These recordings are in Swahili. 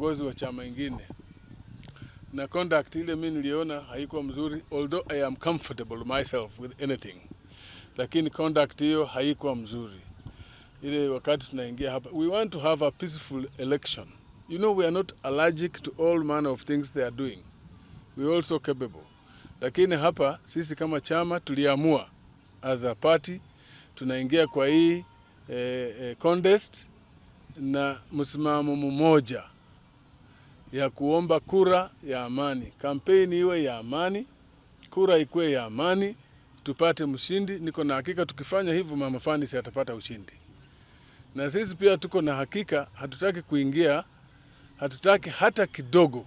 gozi wa chama ingine na conduct ile mimi niliona haiko mzuri, although I am comfortable myself with anything, lakini conduct hiyo haiko mzuri. Ile wakati tunaingia hapa, we want to have a peaceful election. You know, we are not allergic to all manner of things they are doing, we are also capable. Lakini hapa sisi kama chama tuliamua as a party tunaingia kwa hii eh, eh, contest na msimamo mmoja ya kuomba kura ya amani. Kampeni iwe ya amani, kura ikuwe ya amani, tupate mshindi. Niko na hakika tukifanya hivyo, mama Fanisi atapata ushindi, na sisi pia tuko na hakika. Hatutaki kuingia, hatutaki hata kidogo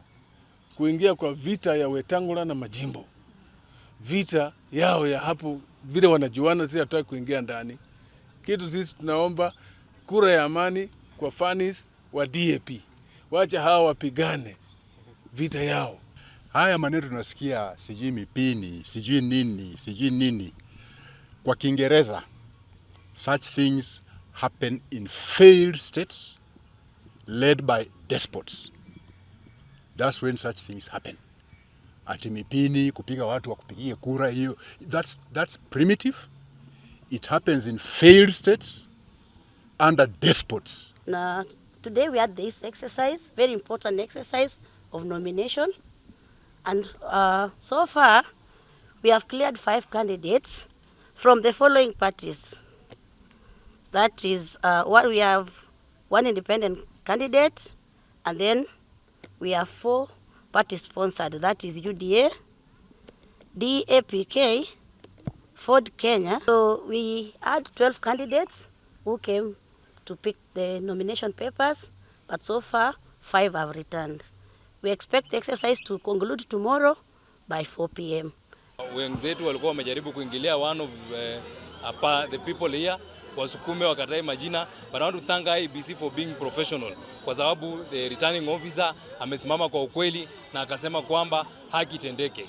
kuingia kwa vita ya Wetangula na majimbo, vita yao ya hapo vile wanajuana. Sisi hatutaki kuingia ndani kitu. Sisi tunaomba kura ya amani kwa Fanis wa DAP wacha hawa wapigane vita yao. Haya maneno tunasikia sijui mipini sijui nini sijui nini, kwa Kiingereza such things happen in failed states led by despots, that's when such things happen. Ati mipini kupiga watu wakupigie kura hiyo, that's, that's primitive. It happens in failed states under despots. Na Today we had this exercise, very important exercise of nomination. And uh, so far, we have cleared five candidates from the following parties. That is uh, what we have one independent candidate, and then we have four party sponsored. That is UDA, DAPK, Ford Kenya. So we had 12 candidates who came to pick the nomination papers, but so far five have returned. We expect the exercise to conclude tomorrow by 4 p.m. Wenzetu walikuwa wamejaribu kuingilia one of uh, eh, apa, the people here wasukume wakatae majina, but I want to thank IBC for being professional, kwa sababu the returning officer amesimama kwa ukweli na akasema kwamba haki tendeke